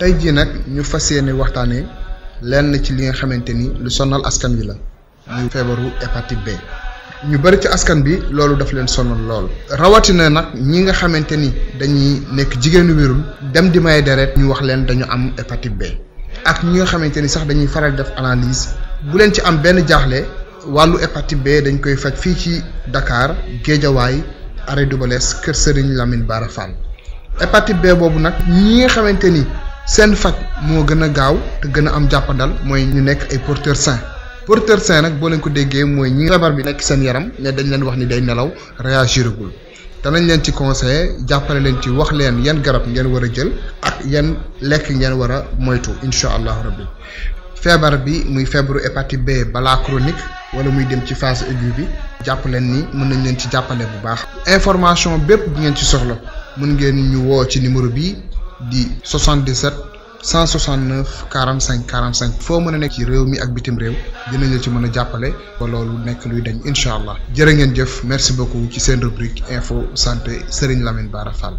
tey jii nag ñu fas yéene waxtaanee lenn ci li nga xamante ni lu sonal askan wi la muy feebaru hépatite B ñu bëri ci askan bi loolu daf leen sonal lool rawatina nag ñi nga xamante ni dañuy nekk jigéenu wérul dem di may deret ñu wax leen dañu am hépatite B ak ñi nga xamante ni sax dañuy faral def analyse bu leen ci am benn jaaxle wàllu hépatite B dañ koy faj fii ci Dakar Géejawaay arrêt Doubalès Kër sëriñ Lamine Bara Fall hépatite B boobu nag ñi nga xamante ni seen faj moo gën a gaaw te gën a am jàppandal mooy ñu nekk ay porteur sain porteur sain nag boo leen ko déggee mooy ñi feebar bi nekk seen yaram ne dañ leen wax ni day nelaw réagiragul danañ leen ci conseil jàppale leen ci wax leen yan garab ngeen war a jël ak yan lekk ngeen war a moytu incha allahu rabbi feebar bi muy feebaru hépatite B balaa chronique wala muy dem ci phase aiguë bi jàpp leen ni mën nañ leen ci jàppale bu baax information bépp bu ngeen ci soxla mën ngeen ñu woo ci numéro bi di 77 169 45 45 foo mën a nekk ci réew mi ak bitim réew dinañ la ci mën a jàppale ba loolu nekk luy dañ incha allah jërë ngeen jëf merci beaucoup ci seen rubrique info santé Serigne Lamine Bara Fall